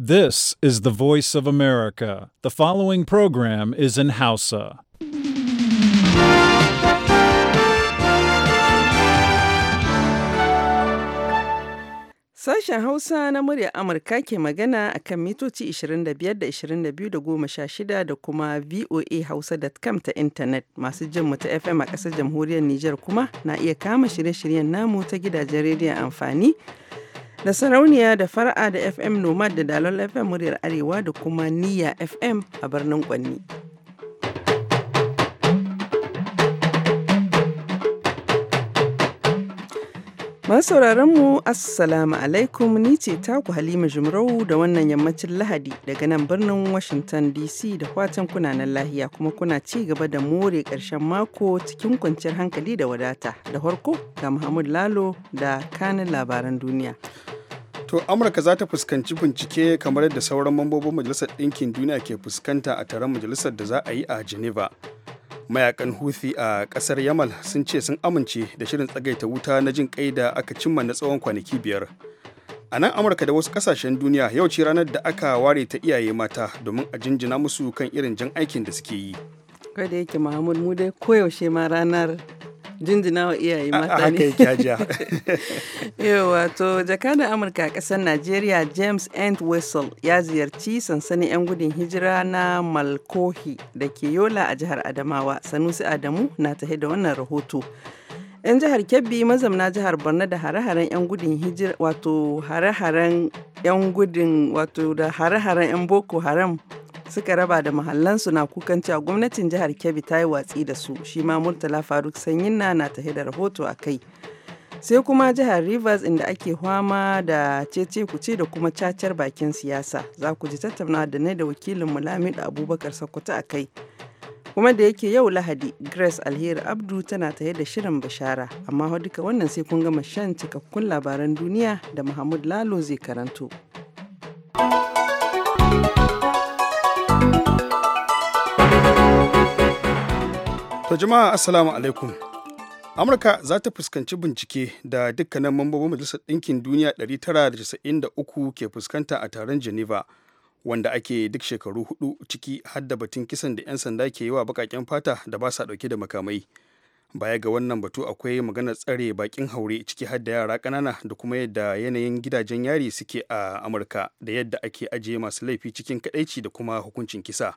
This is the voice of America. The following program is in Hausa. Sashen Hausa na muryar Amurka ke magana a kan mitoci 25 da 22 da 16 da kuma VOA Hausa.com ta intanet masu jin ta FM a ƙasar jamhuriyar Nijar kuma na iya kama shirye-shiryen namu ta gidajen rediyon amfani. da sarauniya da Far'a da fm nomad da dalol fm muryar arewa da kuma niyya fm a birnin kwanni sauraron mu assalamu alaikum ni ce taku halima jimarau da wannan yammacin lahadi daga nan birnin washington dc da kwatan kuna nan lahiya kuma kuna ci gaba da more karshen mako cikin kwanciyar hankali da wadata da farko ga muhammad lalo da kanin labaran duniya To Amurka za ta fuskanci bincike kamar yadda sauran mambobin Majalisar Ɗinkin Duniya ke fuskanta a taron majalisar da za a yi a Geneva. Mayakan Houthi a ƙasar Yamal sun ce sun amince da shirin tsagaita wuta na jin kai da aka cimma na tsawon kwanaki biyar. A nan Amurka da wasu ƙasashen duniya yau ce ranar da aka ware ta iyaye mata domin a jinjina musu kan irin jan aikin da suke yi. Kada yake Mahmud mu dai koyaushe ma ranar jinjina wa iyaye mata ne haka yawa to jakadan amurka a ƙasar najeriya james and wessel ya ziyarci sansanin 'yan gudun hijira na malkohi da ke yola a jihar adamawa sanusi adamu na tahe da wannan rahoto 'yan jihar kebbi mazamna jihar borno da hare-haren 'yan gudun hijira wato hare-haren 'yan gudun wato da hare-haren 'yan boko haram suka raba da mahallansu na kukan cewa gwamnatin jihar Kebbi ta yi watsi da su shi ma Murtala Faruk sanyin na na tahe da rahoto a kai. Sai kuma jihar Rivers inda ake hwama da cece kuce da kuma cacar bakin siyasa za ku ji tattaunawa da ne da wakilin da Abubakar Sokoto a kai. kuma da yake yau lahadi grace alheri abdu tana taye da shirin bishara amma duka wannan sai kun gama shan cikakkun labaran duniya da muhammad lalo zai karanto. To jama'a assalamu alaikum. Amurka za ta fuskanci bincike da dukkanin mambobin Majalisar Ɗinkin Duniya 993 ke fuskanta a taron Geneva wanda ake duk shekaru hudu ciki har batun kisan da 'yan sanda ke yi wa baƙaƙen fata da ba sa ɗauke da makamai. Baya ga wannan batu akwai maganar tsare bakin haure ciki har yara ƙanana da kuma yadda yanayin gidajen yari suke a Amurka da yadda ake ajiye masu laifi cikin kaɗaici da kuma hukuncin kisa.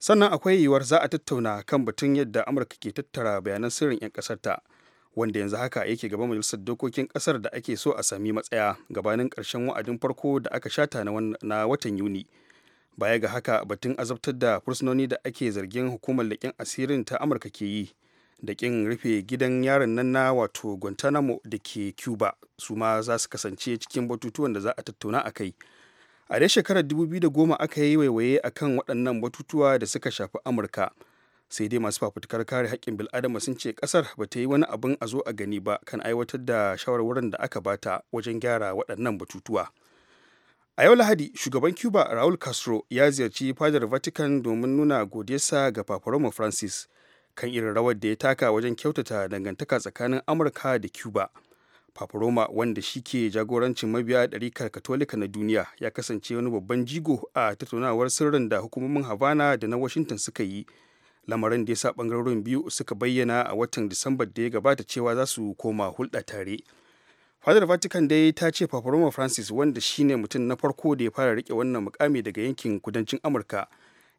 sannan akwai yiwuwar za a tattauna kan batun yadda amurka ke tattara bayanan sirrin 'yan ƙasarta wanda yanzu haka yake gaban majalisar dokokin ƙasar da ake so a sami matsaya gabanin karshen wa'adin farko da aka shata na watan yuni baya ga haka batun azabtar da fursunoni da ake zargin hukumar leƙen asirin ta amurka ke yi da ƙin rufe gidan yaron nan na wato guantanamo da ke cuba su ma za su kasance cikin batutuwan da za a tattauna a kai a dai shekarar 2010 aka yi waiwaye a kan waɗannan batutuwa da suka shafi amurka sai dai masu fafutukar kare haƙƙin bil'adama sun ce ƙasar ba ta yi wani abin a zo a gani ba kan aiwatar da shawarwarin da aka bata wajen gyara waɗannan batutuwa a yau lahadi shugaban cuba raul castro ya ziyarci fadar vatican domin nuna godiyarsa ga paparoma francis kan irin rawar da ya taka wajen kyautata dangantaka tsakanin amurka da cuba Paparoma wanda shi ke jagorancin mabiya ɗarikar Katolika na duniya ya kasance wani babban jigo a tattaunawar sirrin da hukumomin Havana da na Washington suka yi. Lamarin da ya sa ɓangarorin biyu suka bayyana a watan Disambar da ya gabata cewa za su koma hulɗa tare. Fadar Vatican dai ta ce Paparoma Francis wanda shi ne mutum na farko da ya fara riƙe wannan mukami daga yankin kudancin Amurka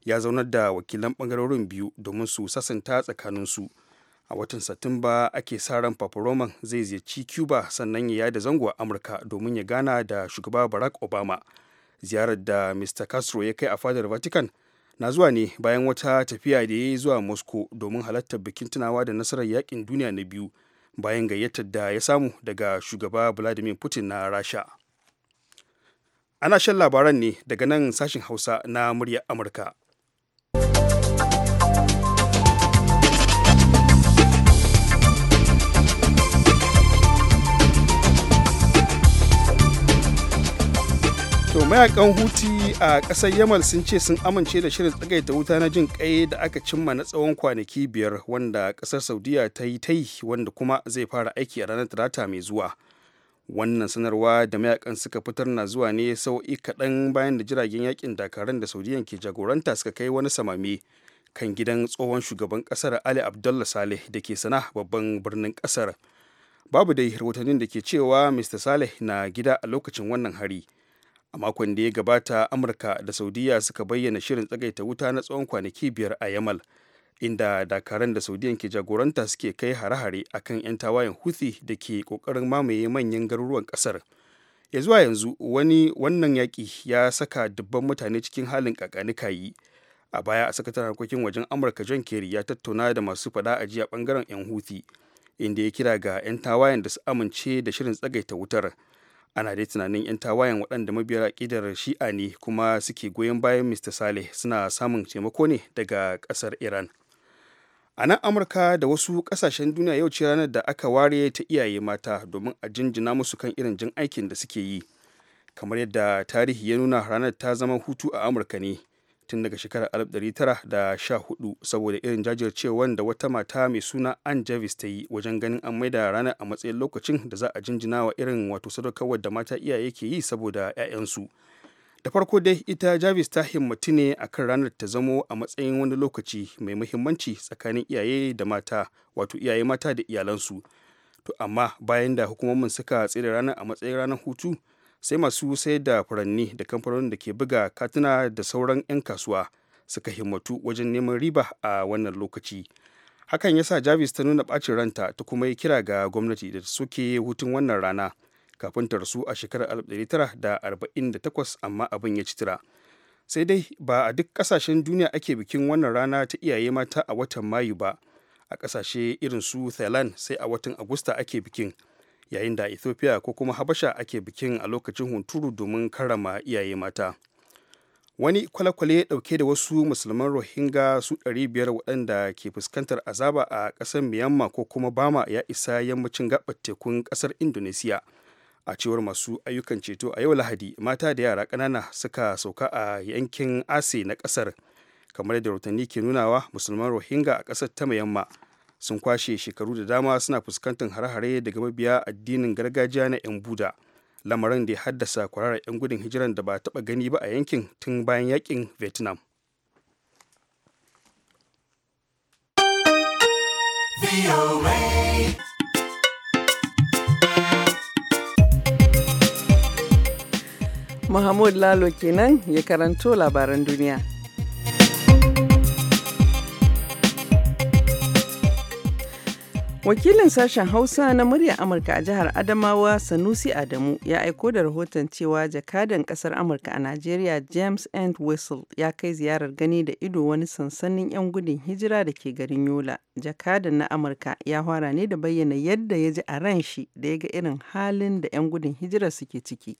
ya zaunar da wakilan ɓangarorin biyu domin su sasanta tsakaninsu. su. a watan satumba ake sa ran paparoman zai ziyarci cuba sannan ya yada zango a amurka domin ya gana da shugaba barack obama ziyarar da mr castro ya kai a fadar vatican na zuwa ne bayan wata tafiya da ya yi zuwa moscow domin halartar bikin tunawa da nasarar yakin duniya na biyu bayan gayyatar da ya samu daga shugaba vladimir putin na rasha ana shan labaran ne daga nan sashen hausa na murya amurka mayakan huti a ƙasar yamal sun ce sun amince da shirin tsagaita wuta na jin kai da aka cimma na tsawon kwanaki biyar wanda ƙasar saudiya ta yi ta yi wanda kuma zai fara aiki a ranar talata mai zuwa wannan sanarwa da mayakan suka fitar na zuwa ne sau'i kaɗan bayan da jiragen yakin dakaran da saudiyan ke jagoranta suka kai wani samami kan gidan tsohon shugaban ƙasar ali abdullah saleh da ke sana babban birnin ƙasar babu dai rahotannin da ke cewa mr saleh na gida a lokacin wannan hari a makon da ya gabata amurka da saudiya suka bayyana shirin tsagaita wuta na tsawon kwanaki biyar a yamal inda dakaran da saudiyan ke jagoranta suke kai hare-hare a kan 'yan tawayen huthi da ke kokarin mamaye manyan garuruwan kasar ya zuwa yanzu wani wannan yaƙi ya saka dubban mutane cikin halin kakanikayi a baya a sakataren harkokin wajen amurka john kerry ya tattauna da masu faɗa a jiya ɓangaren 'yan huthi inda ya kira ga 'yan tawayen da su amince da shirin tsagaita wutar ana dai tunanin 'yan tawayen waɗanda mabiyar aƙidar shi'a ne kuma suke goyon bayan mr saleh suna samun taimako ne daga ƙasar iran a nan amurka da wasu ƙasashen duniya yau ce ranar da aka ware ta iyaye mata domin a jinjina musu kan irin jin aikin da suke yi kamar yadda tarihi ya nuna ranar ta zama hutu a amurka ne tun daga shekarar 1914 saboda irin jajircewar da wata mata mai suna Ann Jarvis ta yi wajen ganin an maida ranar a matsayin lokacin da za a jinjina wa irin wato sadaukarwar da mata iyaye ke yi saboda 'ya'yansu. Da farko dai ita Jarvis ta himmatu ne akan ranar ta zamo a matsayin wani lokaci mai muhimmanci tsakanin iyaye da mata wato iyaye mata da iyalansu. To amma bayan da hukumomin suka tsere ranar a matsayin ranar hutu sai masu sayar da furanni da kamfanonin da ke buga katuna da sauran 'yan kasuwa suka himmatu wajen neman riba a wannan lokaci hakan yasa sa javis ta nuna bacin ranta ta kuma yi kira ga gwamnati da suke hutun wannan rana kafin ta rasu a shekarar 1948 amma abin ya citira sai dai ba a duk kasashen duniya ake bikin wannan rana ta iyaye mata a watan mayu ba a kasashe irin su thailand sai a watan agusta ake bikin yayin da ethiopia ko kuma habasha ake bikin a lokacin hunturu domin karrama iyaye mata wani kwalekwale ya dauke da wasu musulman rohingya su 500 waɗanda ke fuskantar azaba a ƙasar myanmar ko kuma bama ya isa yammacin gabar tekun ƙasar indonesia a cewar masu ayyukan ceto a yau lahadi mata da yara ƙanana suka sauka a yankin ase na ƙasar kamar da rahotanni ke nunawa musulman rohingya a ƙasar ta myanmar sun kwashe shekaru da dama suna fuskantar hare-hare daga mabiya addinin gargajiya na 'yan buda lamarin da ya haddasa kwararar 'yan gudun hijiran da ba taɓa gani ba a yankin tun bayan yakin vietnam Mahmud Lalo kenan ya karanto labaran duniya. Wakilin sashen Hausa na muryar Amurka a jihar Adamawa Sanusi Adamu ya aiko da rahoton cewa jakadan kasar Amurka a Najeriya James and Whistle ya kai ziyarar gani da ido wani sansanin 'yan gudun hijira da ke garin Yola. Jakadan na Amurka ya fara ne da bayyana yadda ya ji a ran shi da ya ga irin halin da 'yan gudun hijira suke ciki.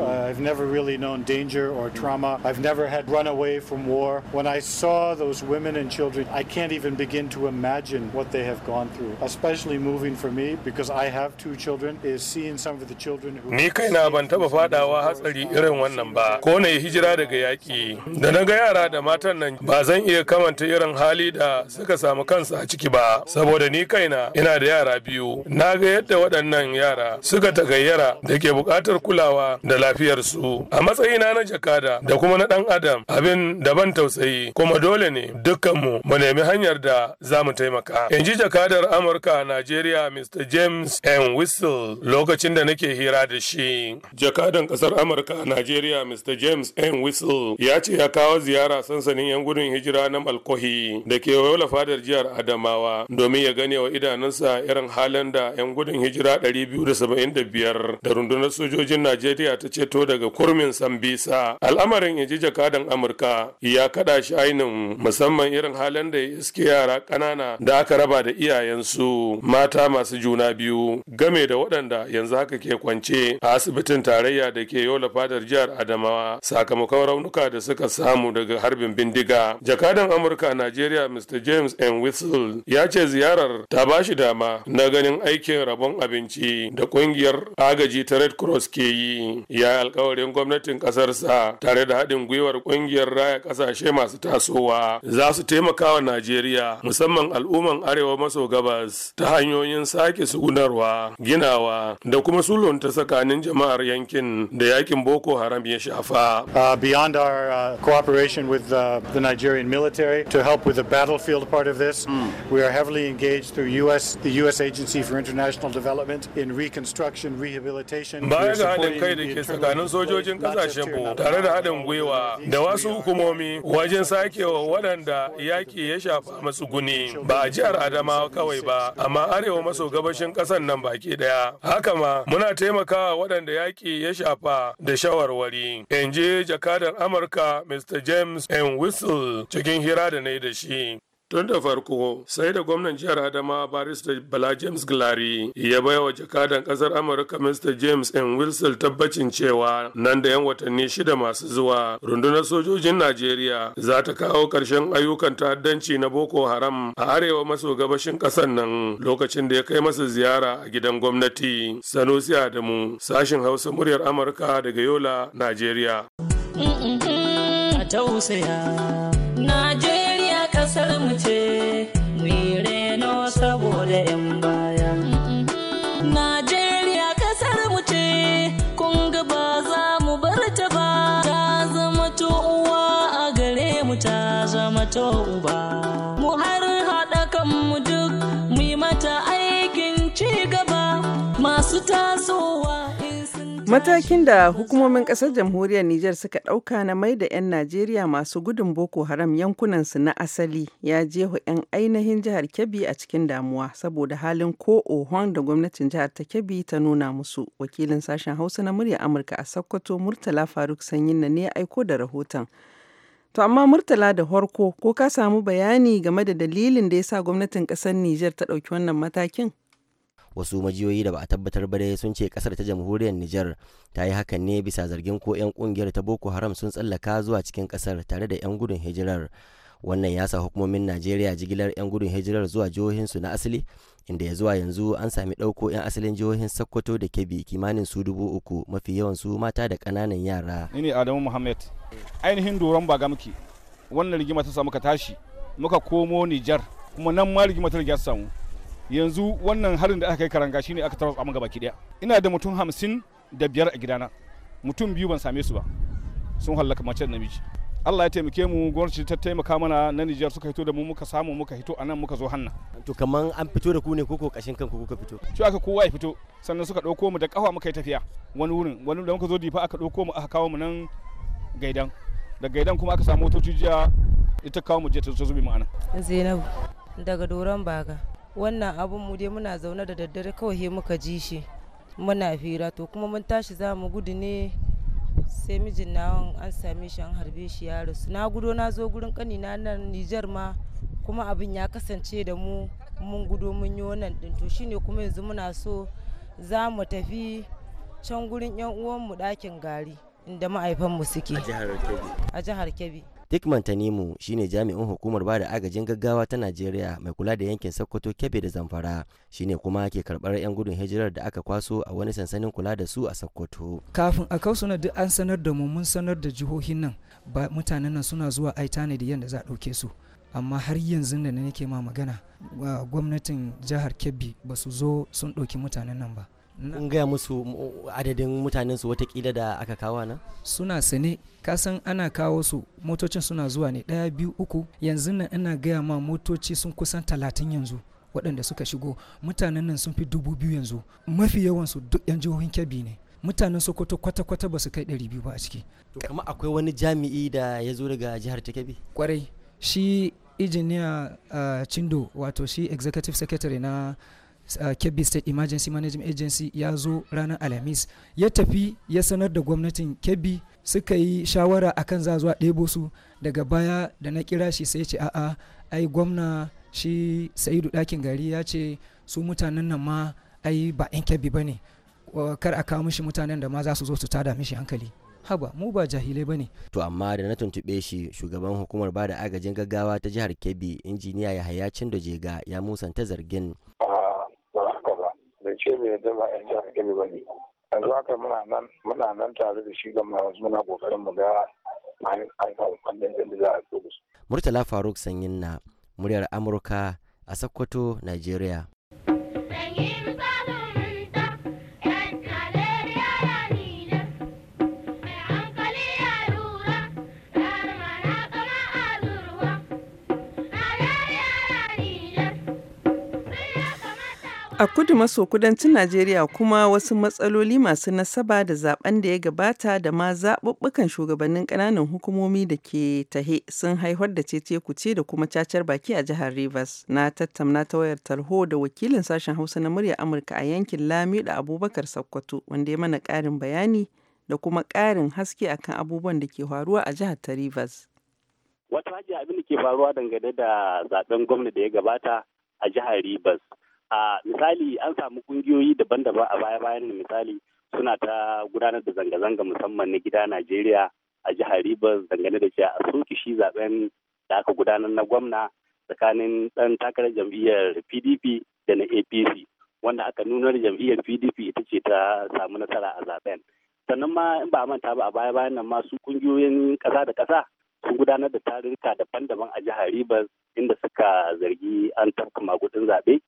Uh, I've never really known danger or trauma. I've never had run away from war. When I saw those women and children, I can't even begin to imagine what they have gone through. Especially moving for me because I have two children is seeing some of the children who Ni na ban taba fadawa hatsari irin wannan ba. Ko na hijira daga yaki. Da na ga yara da matan nan ba zan iya kamanta irin hali da suka samu kansu a ciki ba saboda ni na ina da yara biyu. Na ga yadda waɗannan yara suka tagayyara da ke buƙatar kulawa da lafiyar su. a matsayina na jakada da kuma na ɗan adam abin da ban tausayi kuma dole ne dukkanmu mu nemi hanyar da za mu taimaka in ji jakadar amurka a najeriya mr james n whistle lokacin da nake hira da shi jakadan ƙasar amurka a najeriya mr james n whistle ya ce ya kawo ziyara sansanin yan gudun hijira na malkohi da ke wayola fadar jihar adamawa domin ya gane wa idanunsa irin halin da yan gudun hijira 275 da rundunar sojojin najeriya ta ceto daga kurmin Sambisa. Al'amarin ya ji jakadan Amurka ya kada shi ainihin musamman irin halin da ya iske yara ƙanana da aka raba da iyayensu mata masu juna biyu game da waɗanda yanzu haka ke kwance a asibitin tarayya da ke yola fadar jihar Adamawa sakamakon raunuka da suka samu daga harbin bindiga. Jakadan Amurka nigeria Mr. James N. Whistle ya ce ziyarar ta ba shi dama na ganin aikin rabon abinci da ƙungiyar agaji ta Red Cross ke yi ya alkawarin gwamnatin ƙasarsa tare da haɗin gwiwar ƙungiyar raya ƙasashe masu tasowa za su taimaka wa Najeriya musamman al'umman arewa maso gabas ta hanyoyin sake sugunarwa, ginawa da kuma sulunta tsakanin jama'ar yankin da yakin Boko Haram ya shafa. Uh, beyond our uh, cooperation with uh, the Nigerian military to help with the battlefield part of this, mm. we are heavily engaged through US, the U.S. Agency for International Development in reconstruction, rehabilitation. Baya ga haɗin kai da ke tsakanin sojojin kasashen mu tare da haɗin gwiwa da wasu hukumomi wajen sake wa waɗanda yaƙi ya shafa matsuguni ba a jihar Adamawa kawai ba amma arewa maso gabashin ƙasar nan baki ɗaya. Haka ma muna taimakawa waɗanda yaƙi ya shafa da shawarwari. In ji jakadar Amurka Mr. James N. Whistle cikin hira da na yi da shi. Tun da farko sai da gwamnan jihar Adama barista Bala James Glari ya baya wa jakadan kasar Amurka Mr. James N. Wilson tabbacin cewa nan da 'yan watanni shida masu zuwa rundunar sojojin Najeriya za ta kawo ƙarshen ayyukan ta'addanci na Boko Haram a arewa maso gabashin ƙasar nan lokacin da ya kai masa ziyara a gidan gwamnati. Sanusi Adamu sashin Hausa muryar Amurka daga Yola, Najeriya. A da 'yan baya. Najeriya kasar mu ce, kun ga ba za mu bar ta ba, ta zama to uwa a gare mu ta zama to uba. Mu har haɗa kanmu duk, mu yi mata aikin ci gaba masu tasowa. Matakin da hukumomin ƙasar jamhuriyar Nijar suka ɗauka na mai da 'yan Najeriya masu gudun Boko Haram yankunansu na asali ya jefa 'yan ainihin jihar Kebbi a cikin damuwa saboda halin ko ohon da gwamnatin jihar ta Kebbi ta nuna musu. Wakilin sashen Hausa na murya Amurka a Sokoto Murtala Faruk Sanyin na ne ya aiko da rahoton. To amma Murtala da Horko ko ka samu bayani game da dalilin da ya sa gwamnatin ƙasar Nijar ta ɗauki wannan matakin? wasu majiyoyi da ba a tabbatar ba sun ce kasar ta jamhuriyar Nijar ta yi hakan ne bisa zargin ko 'yan kungiyar ta Boko Haram sun tsallaka zuwa cikin kasar tare da 'yan gudun hijirar wannan ya sa hukumomin Najeriya jigilar 'yan gudun hijirar zuwa jihohinsu na asali inda ya zuwa yanzu an sami ɗauko 'yan asalin jihohin Sokoto da Kebbi kimanin su dubu uku mafi yawan su mata da ƙananan yara. Ni ne Adamu Muhammad ainihin doron ba muke wannan rigima ta samu ka tashi muka komo Nijar kuma nan ma rigima ta riga samu yanzu wannan harin da aka kai karanga shine aka tarwatsa mun gaba kidaya ina da mutum hamsin da biyar a gidana mutum biyu ban same su ba sun hallaka mace da namiji Allah ya taimake mu gwamnati ta taimaka mana na Nijar suka hito da mu muka samu muka hito a nan muka zo hanna. To kaman an fito da ku ne koko kashin kanku kuka fito. to aka kowa ya fito sannan suka ɗauko mu da kafa muka yi tafiya wani wurin wani da muka zo difa aka ɗauko mu aka kawo mu nan gaidan da gaidan kuma aka samu motoci jiya ita kawo mu je ta zo zube mu anan. Zainabu daga Doron Baga. wannan abun mu dai muna zaune da daddare kawai he muka ji shi muna fira to kuma mun tashi za mu gudu ne sai mijin nawan an same shi an harbe shi ya rasu na gudo na zo gurin kanina nan Nijar ma kuma abin ya kasance da mu mun gudo mun yi wannan din to shine kuma yanzu muna so za mu tafi can gurin yan uwan mu dakin gari inda mu suke a jihar kebbi Dikman Tanimu shine jami'in hukumar ba da agajin gaggawa ta Najeriya mai kula da yankin Sokoto Kebbi da Zamfara shine kuma ke karbar 'yan gudun hijirar da aka kwaso a wani sansanin kula da su a Sokoto. Kafin a kawo duk an sanar da mu mun sanar da jihohin nan ba mutanen nan suna zuwa aita ne da yadda za a ɗauke su. Amma har yanzu da nake ma magana gwamnatin jihar Kebbi ba su zo sun ɗauki mutanen nan ba. kun gaya musu adadin mutanen su watakila da aka kawo nan suna sane kasan ana kawo su motocin suna zuwa ne ɗaya biyu uku yanzu nan ina gaya ma motoci sun kusan talatin yanzu waɗanda suka shigo mutanen nan sun fi dubu biyu yanzu mafi yawansu duk yan jihohin kebbi ne mutanen sokoto kwata-kwata ba su kai ɗari biyu ba a ciki kama akwai wani jami'i da ya zo daga jihar ta kebbi kwarai shi injiniya ah, chindo wato shi executive secretary na uh, kebbi state emergency management agency ya zo ranar alhamis ya tafi ya sanar da gwamnatin kebbi suka yi shawara akan za zuwa ɗebo su daga baya da na kira shi sai ce a'a ai gwamna shi sa'idu ɗakin gari ya ce su mutanen nan ma ai ba 'yan kebbi ba ne uh, kar a kawo mishi mutanen da ma za su zo su tada mishi hankali haba mu ba jahilai ba ne. To amma da na tuntuɓe shi shugaban hukumar bada agajin gaggawa ta jihar Kebbi injiniya Yahaya da Jega ya musanta zargin. ce mai yadda ba yan yi Kebbi ba ne. Yanzu haka muna nan tare da shi gama wasu muna kokarin mu ga an samu kwallon da za a su. Murtala Faruk Sanyin na muryar Amurka a Sokoto, Najeriya. A kudu maso kudancin Najeriya kuma wasu matsaloli masu nasaba da zaben da ya gabata da ma zaɓuɓɓukan shugabannin ƙananan hukumomi da ke tahe sun haifar da cece kuce da kuma cacar baki a jihar Rivers. Na tattauna ta wayar tarho da wakilin sashen Hausa na murya Amurka a yankin lami da Abubakar Sokoto wanda ya mana ƙarin bayani da kuma ƙarin haske akan abubuwan da ke faruwa a jihar ta Rivers. Wata hajji abin da ke faruwa dangane da zaben gwamna da ya gabata a jihar Rivers. a misali an samu kungiyoyi daban-daban a baya-bayan misali suna ta gudanar da zanga-zanga musamman na gida Najeriya a jihar Rivers dangane da cewa a soke shi zaben da aka gudanar na gwamna tsakanin ɗan takarar jam'iyyar PDP da na APC wanda aka nuna da jam'iyyar PDP ita ce ta samu nasara a zaben. Sannan ma in ba manta ba a baya bayan nan ma su kungiyoyin ƙasa da ƙasa sun gudanar da tarurruka daban-daban a jihar Rivers inda suka zargi an tafka magudin zaɓe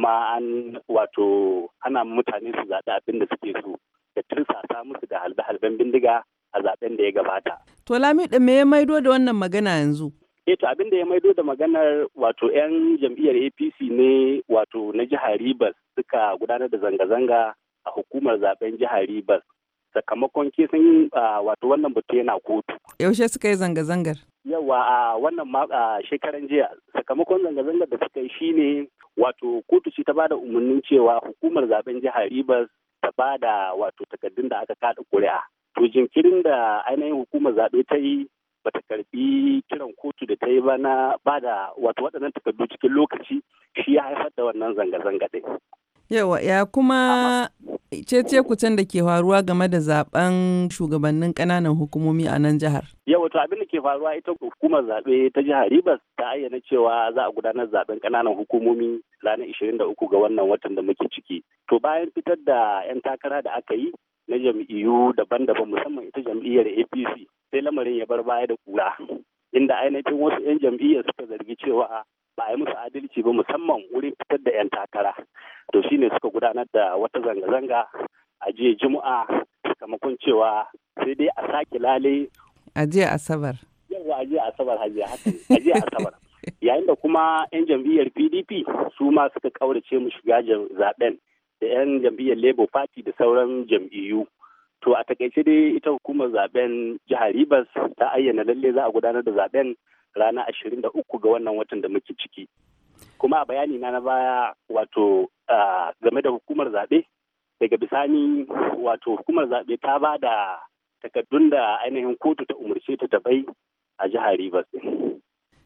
kuma an wato ana mutane su zaɓi abin da suke so da tirsasa musu da halbe-halben bindiga a zaɓen da ya gabata. To da me ya maido da wannan magana yanzu? Eh to abin da ya maido da maganar wato 'yan jam'iyyar APC ne wato na jihar Ribas suka gudanar da zanga-zanga a hukumar zaben jihar Ribas sakamakon kesin wato wannan batu yana kotu. Yaushe suka yi zanga-zangar? Yawa a wannan shekaran jiya sakamakon zanga-zangar da suka yi shine wato kotu ce ta bada umarnin cewa hukumar zaben jihar Rivers ta bada wato takardun da aka kada kuri'a to jinkirin da ainihin hukumar zaɓe ta yi bata karbi kiran kotu da ta yi ba na bada wato waɗannan takardu cikin lokaci shi ya haifar da wannan zanga-zanga ɗin Yawa ya kuma cece kucen da ke faruwa game da zaben shugabannin kananan hukumomi a nan jihar. Yawa to abin da ke faruwa ita hukumar zaɓe ta jihar ribas ta ayyana cewa za a gudanar zaben kananan hukumomi ranar 23 ga wannan watan da muke ciki. To bayan fitar da 'yan takara da aka yi na jam'iyyu daban-daban musamman ita jam'iyyar APC sai lamarin ya bar baya da kura. Inda ainihin wasu 'yan jam'iyyar suka zargi cewa ba a yi musu adalci ba musamman wurin fitar da 'yan takara to shine suka gudanar da wata zanga-zanga a jiya juma'a sakamakon cewa sai dai a sake lale a jiya asabar yawa a jiya asabar hajiya a jiya asabar yayin da kuma 'yan jam'iyyar pdp su ma suka ƙaurace mu shiga zaɓen da 'yan jam'iyyar labour party da sauran jam'iyyu to a takaice dai ita hukumar zaben jihar ribas ta ayyana lalle za a gudanar da zaben rana ashirin da uku ga wannan watan da muke ciki kuma a bayani na na baya wato game da hukumar zaɓe daga bisani wato hukumar zaɓe ta ba da takaddun da ainihin kotu ta umarce ta tabai a jihar Rivers.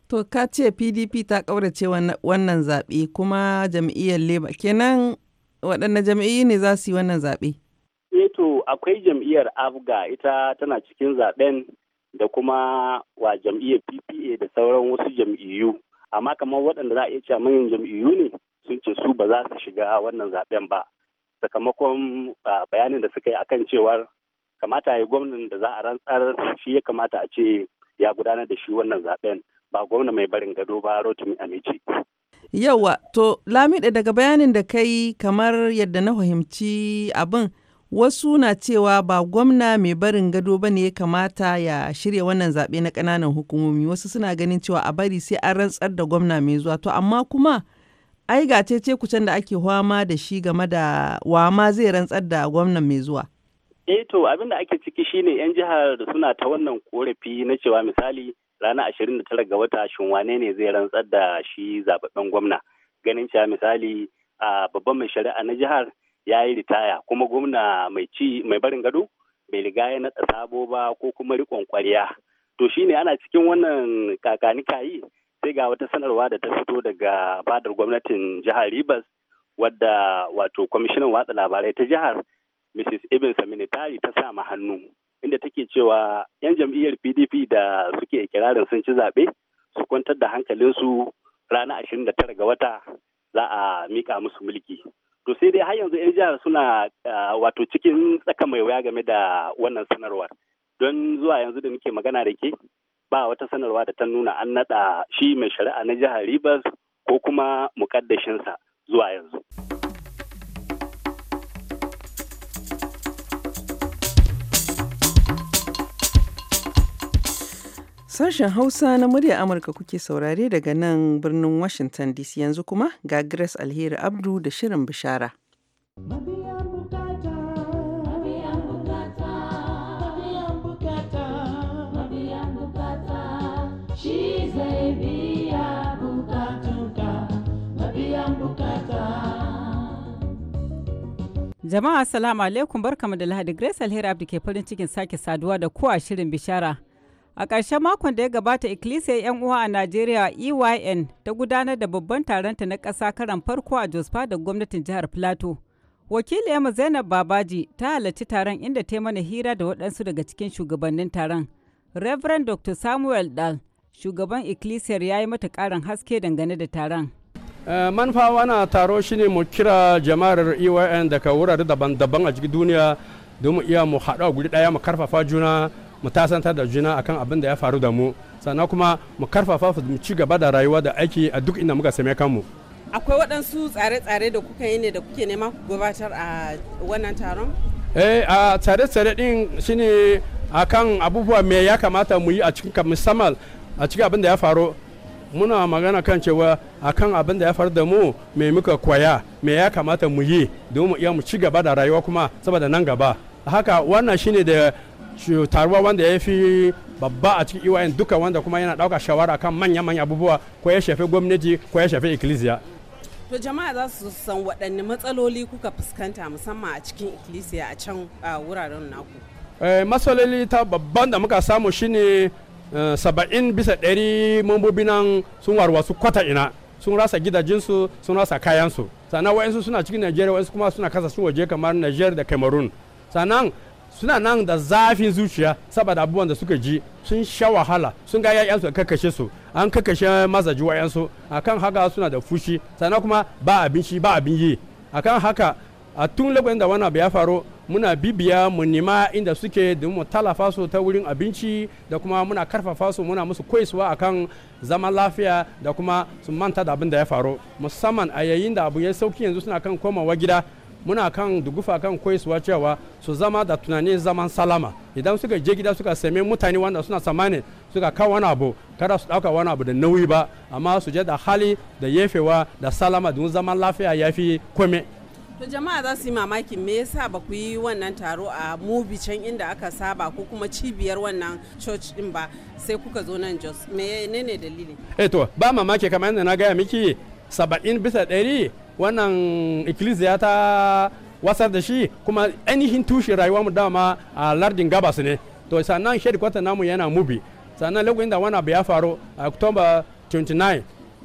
To ka ce PDP ta ƙaurace wannan zaɓe kuma jam'iyyar Labour kenan waɗanne jam'iyyu ne za su yi wannan zaɓe? Eh to akwai jam'iyyar Afga ita tana cikin zaɓen da kuma wa jam'iyyar PPA da sauran wasu jam'iyyu amma kamar waɗanda za a iya cewa manyan jam'iyyu ne sun ce su ba za su shiga wannan zaben ba sakamakon bayanin da suka yi akan cewar kamata ya yi gwamnan da za a rantsar shi ya kamata a ce ya gudanar da shi wannan zaben ba gwamna mai barin gado ba rotimi amici yawa to lamide daga bayanin da kai kamar yadda na fahimci abin Wasu na cewa ba gwamna mai barin gado ba ne ya kamata ya shirya wannan zaɓe na ƙananan hukumomi. Wasu suna ganin cewa a bari sai an rantsar da gwamna mai zuwa. To amma kuma ai ga ce kucen da ake hwama da shi game da wa ma zai rantsar da gwamnan mai zuwa. Eh to abin da ake ciki shine 'yan jihar suna ta wannan korafi na cewa misali ranar ashirin da ga wata shin ne zai rantsar da shi zababben gwamna ganin cewa misali a babban mai shari'a na jihar ya yi ritaya kuma gwamna mai ci mai barin gado bai riga ya naɗa sabo ba ko kuma rikon ƙwarya to shine ana cikin wannan kakani kayi sai ga wata sanarwa da ta fito daga fadar gwamnatin jihar Rivers wadda wato kwamishinan watsa labarai ta jihar Mrs. Ibn Saminitari ta sa hannu inda take cewa 'yan jam'iyyar PDP da suke kirarin sun ci zaɓe su kwantar da hankalinsu ranar 29 ga wata za a mika musu mulki. to sai dai har yanzu 'yan jihar suna ah, wato cikin tsaka mai waya game da wannan sanarwar don zuwa yanzu da muke magana da ke ba wata sanarwa da ta nuna an naɗa shi mai shari'a na jihar ribas ko kuma mukaddashinsa zuwa yanzu. Sashen Hausa na muryar Amurka kuke saurare daga nan birnin Washington DC yanzu kuma ga Grace Alheri Abdu da Shirin Bishara. Jama'a salamu alaikum barkamu da Lahadi Grace Alheri Abdu ke farin cikin sake saduwa da kuwa shirin bishara. A ƙarshen makon da ya gabata ikkilisiyar 'yan uwa a Najeriya EYN ta gudanar da babban taronta na ƙasa karan farko a Josfa da gwamnatin jihar Plateau. Wakiliyarmu Zainab Babaji ta halarci taron inda ta mana hira da waɗansu daga cikin shugabannin taron. Reverend Dr. Samuel Dal, shugaban ikkilisiyar ya yi mata ƙarin haske dangane da taron. manufawa eh, manufa wana taro ne mu kira jama'ar EYN daga wurare daban-daban a cikin duniya domin iya mu haɗu a guri ɗaya mu karfafa juna mu tasantar da juna akan abin da ya faru da mu sannan kuma mu karfafa mu ci gaba da rayuwa da aiki a duk inda muka same kanmu akwai waɗansu tsare-tsare da kuka yi ne da kuke nema ku gabatar a wannan taron eh a tsare-tsare din shine akan abubuwa me ya kamata mu yi a cikin musamman a cikin abin da ya faru muna magana kan cewa akan abin da ya faru da mu me muka koya me ya kamata mu yi domin mu iya mu ci gaba da rayuwa kuma saboda nan gaba haka wannan shine da taruwa wanda ya fi babba a cikin iwayen e duka wanda kuma yana dauka shawara kan manya-manya abubuwa ko ya shafi gwamnati ko ya shafi ikkilisiya to jama'a za su san waɗanne matsaloli kuka fuskanta musamman a cikin ikkilisiya a can wuraren naku eh, matsaloli ta babban da muka samu shine eh, saba'in bisa ɗari mambobi nan sun warwasu kwata ina sun rasa gidajensu sun rasa kayansu sannan wa'insu suna cikin najeriya wa'insu kuma suna su waje kamar Najeriya da cameroon sannan suna nan da zafin zuciya saboda abubuwan da suka ji sun sha wahala sun ga yayansu kakkashe su an kakkashe masa juwayensu akan haka suna da fushi sannan kuma ba abinci ba abin yi akan haka a tun lokacin da wani abu ya faru muna bibiya mu nima inda suke da mu talafa su ta wurin abinci da kuma muna karfafa su muna musu a akan zaman lafiya da kuma su manta da abin da ya faru musamman a yayin da abu ya sauki yanzu suna kan komawa gida muna kan dugufa kan koyaswa cewa su zama da tunanin zaman salama idan suka je gida suka same mutane wanda suna samani suka kawo wani abu kada su dauka wani abu da nauyi ba amma su je da hali da yefewa da salama don zaman lafiya ya fi kome to jama'a za su yi mamakin me yasa ba ku yi wannan taro a mubi can inda aka saba ko kuma cibiyar wannan church din ba sai kuka zo nan jos me ne ne dalili eh to ba mamaki kamar yadda na gaya miki saba'in bisa ɗari wannan ikkilisiya ta wasar da shi kuma ainihin tushe rayuwa mu dama a lardin gabas ne to sannan headquarter namu yana mubi sannan lokacin da wani abu ya faru a october 29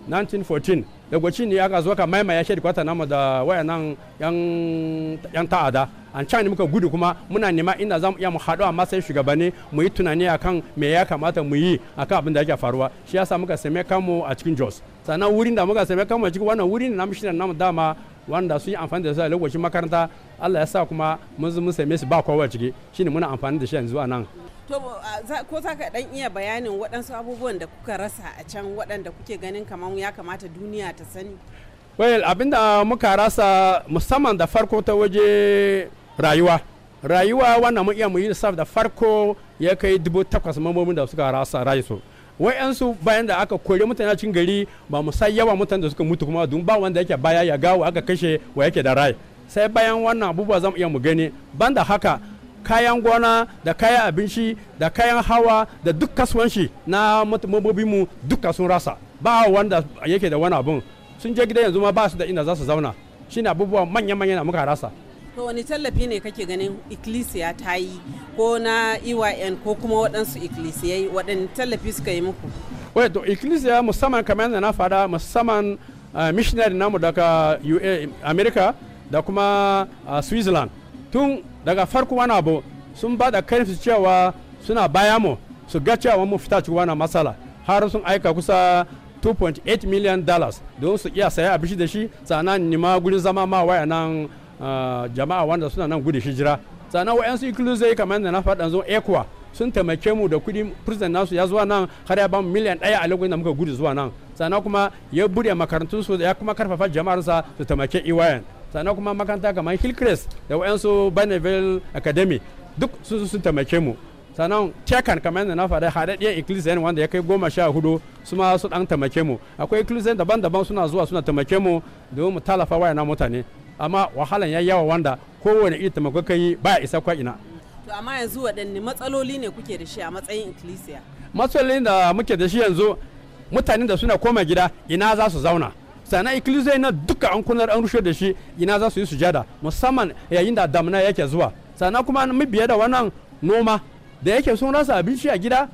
1914 lokacin ne aka zo ka maimaya headquarter namu da wayannan yan ta'ada an can muka gudu kuma muna nema inda za mu iya mu haɗu a matsayin shugabanni mu yi tunani akan me ya kamata mu yi akan abin da yake faruwa shi yasa muka same kanmu a cikin jos sannan wurin da muka same kama cikin wannan wurin na mishinan namu dama wanda sun yi amfani da su a lokacin makaranta Allah ya sa kuma mun mun same su ba kowa ciki shine muna amfani da shi yanzu a nan to ko za ka dan iya bayanin waɗansu abubuwan da kuka rasa a can waɗanda kuke ganin kamar ya kamata duniya ta sani well abinda muka rasa musamman da farko ta waje rayuwa rayuwa wannan mun iya mu yi da farko ya kai dubu takwas da suka rasa rayu wayansu bayan da aka kore mutane cikin gari ba mu sai yawa mutane da suka mutu kuma don ba wanda yake baya ya gawo aka kashe wa yake da rai sai bayan wannan abubuwa zamu iya mu gani banda haka kayan gona da kayan abinci da kayan hawa da duk kasuwanci na mu duka sun rasa ba wanda yake da wani abun sun je gida yanzu ma ba su da ina za su zauna shine abubuwa manya-manya na muka rasa to wani tallafi ne kake ganin ikkilisiya ta yi ko na EYN ko kuma waɗansu ikkilisiyai waɗanne tallafi suka yi muku wai to ikkilisiya musamman kamar yadda na fada musamman eh, missionary namu daga america da kuma eh, switzerland tun daga farko wani abu sun ba da karfi cewa suna baya mu su ga cewa mu fita cikin wannan matsala har sun aika kusa 2.8 million dollars don su iya saya bisi da shi sannan nima gurin zama ma waya nan Ah, jama'a wanda suna nan gudu hijira sannan wa'yansu inclusive kamar da na faɗa zo ecowa sun taimake mu da kudi prison nasu ya zuwa nan har ya ba mu miliyan ɗaya a lokacin da muka gudu zuwa nan sannan kuma ya bude makarantun su ya kuma karfafa jama'arsa su taimake iwayan e sannan kuma makaranta kamar hillcrest da wa'yansu bonneville academy duk su sun taimake mu sannan tekan kamar yadda na faɗa haɗaɗɗiyar ikilisiyan wanda ya kai goma sha hudu su ma su ɗan taimake mu akwai ikilisiyan daban-daban suna zuwa suna taimake mu domin mu talafa wayana na mutane amma wahalan ya yawa wanda kowane ita taimako kai ba isa kwa ina to amma yanzu waɗanne matsaloli ne kuke da shi a matsayin ikkilisiya matsalolin da muke da shi yanzu mutanen da suna koma gida ina za su zauna sannan ikkilisiya na duka an kunar an rushe da shi ina za su yi sujada musamman yayin da damina yake zuwa sannan kuma mu biye da wannan noma da yake sun rasa abinci a gida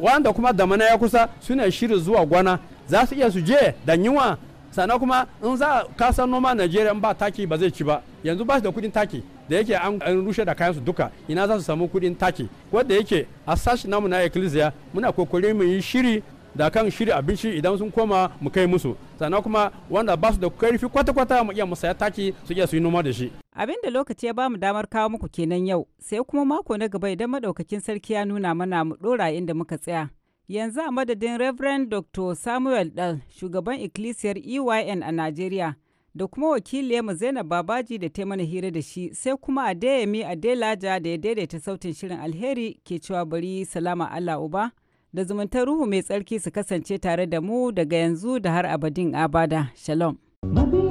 wanda kuma damina ya kusa suna shirin zuwa gwana za su iya suje je da yunwa sannan kuma in za ka san noma najeriya ba taki ba zai ci ba yanzu ba da kudin taki da yake an rushe da kayansu duka ina za su samu kudin taki ko yake a sashi namu na ecclesia muna kokari mu yi shiri da kan shiri abinci idan sun koma mu kai musu sannan kuma wanda ba su da karfi kwata-kwata mu iya mu saya taki su iya su yi noma da shi abin da lokaci ya bamu damar kawo muku kenan yau sai kuma mako na gaba idan madaukakin sarki ya nuna mana mu dora inda muka tsaya yanzu a madadin Reverend Dr. Samuel Dal, shugaban ikkilisiyar EYN a Najeriya, da kuma wakiliyarmu Zainab Babaji da ta mana hira da shi, sai kuma a Adeyemi laja da ya daidaita sautin shirin alheri ke cewa bari salama Allah uba, da zumuntar ruhu mai tsarki su kasance tare da mu daga yanzu da har abadin abada. Shalom. Babi.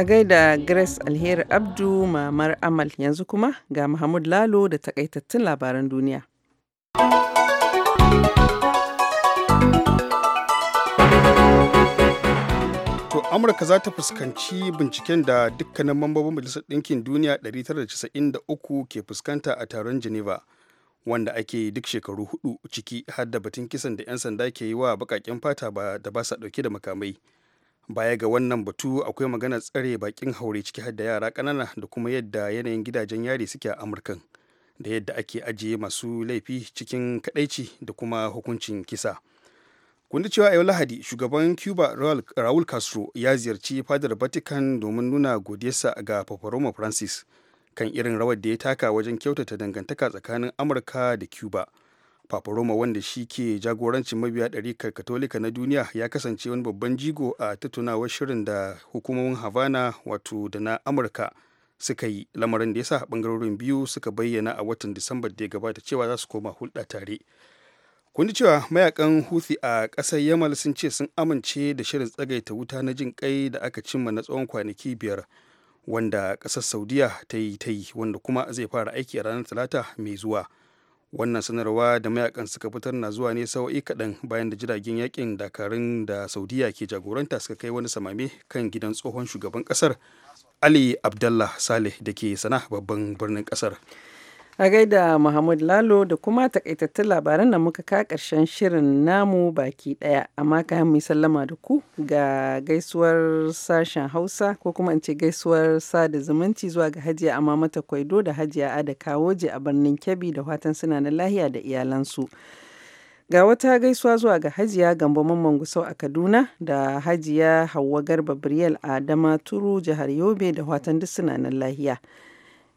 A gaida Grace Alheri Abdu Mamar Amal yanzu kuma ga Mahmud Lalo da takaitattun labaran duniya. To Amurka za ta fuskanci binciken da dukkanin mambobin Majalisar Ɗinkin Duniya 993 ke fuskanta a taron Geneva. wanda ake duk shekaru hudu ciki har da batun kisan da 'yan sanda ke yi wa baƙaƙen fata ba da ba sa ɗauke da makamai baya ga wannan batu akwai magana tsare bakin haure ciki har da yara kanana da kuma yadda yanayin gidajen yari suke a amurkan da yadda ake ajiye masu laifi cikin kadaici da kuma hukuncin kisa kun cewa yau lahadi shugaban cuba raul castro ya ziyarci fadar vatican domin nuna godiyarsa ga paparoma francis kan irin rawar da ya taka wajen kyautata dangantaka tsakanin amurka da cuba Papa Roma wanda shi ke jagorancin mabiya ɗarikar Katolika na duniya ya kasance wani babban jigo a tattunawar shirin da hukumomin Havana wato da na Amurka suka yi lamarin da ya sa ɓangarorin biyu suka bayyana a watan Disamba da ya gabata cewa za su koma hulɗa tare. Kun cewa mayakan Houthi a ƙasar Yamal sun ce sun amince da shirin tsagaita wuta na jin kai da aka cimma na tsawon kwanaki biyar wanda ƙasar Saudiya ta yi ta yi wanda kuma zai fara aiki a ranar Talata mai zuwa. wannan sanarwa da mayakan suka fitar na zuwa ne sawa'i kaɗan bayan da jiragen yakin dakarun da saudiya ke jagoranta suka kai wani samame kan gidan tsohon shugaban ƙasar ali abdallah saleh da ke sana babban birnin ƙasar A gaida Muhammad Lalo da kuma takaitattun labaran da muka ka karshen shirin namu baki daya. Amma ka mai sallama da ku ga gaisuwar sashen Hausa ko kuma in ce gaisuwar sada zumunci zuwa ga Hajiya amma mata Kwaido da Hajiya Ada Kawoje a birnin Kebbi da fatan suna na lahiya da iyalansu. Ga wata gaisuwa zuwa ga Hajiya Gambo Mamman Gusau a Kaduna da Hajiya Hauwa Garba Briyel a Damaturu jihar Yobe da fatan duk suna lahiya.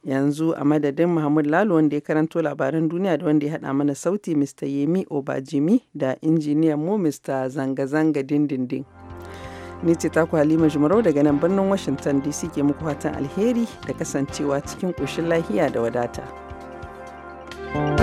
yanzu a madadin Muhammad Lalo wanda ya karanto labaran duniya da wanda ya haɗa mana sauti Mr. Yemi Obajimi da injiniyan mu Mr. Zanga-zanga dindindin. Ni ce taku Halima Jumarau daga nan birnin Washington DC ke muku fatan alheri da kasancewa cikin ƙoshin lahiya da wadata. thank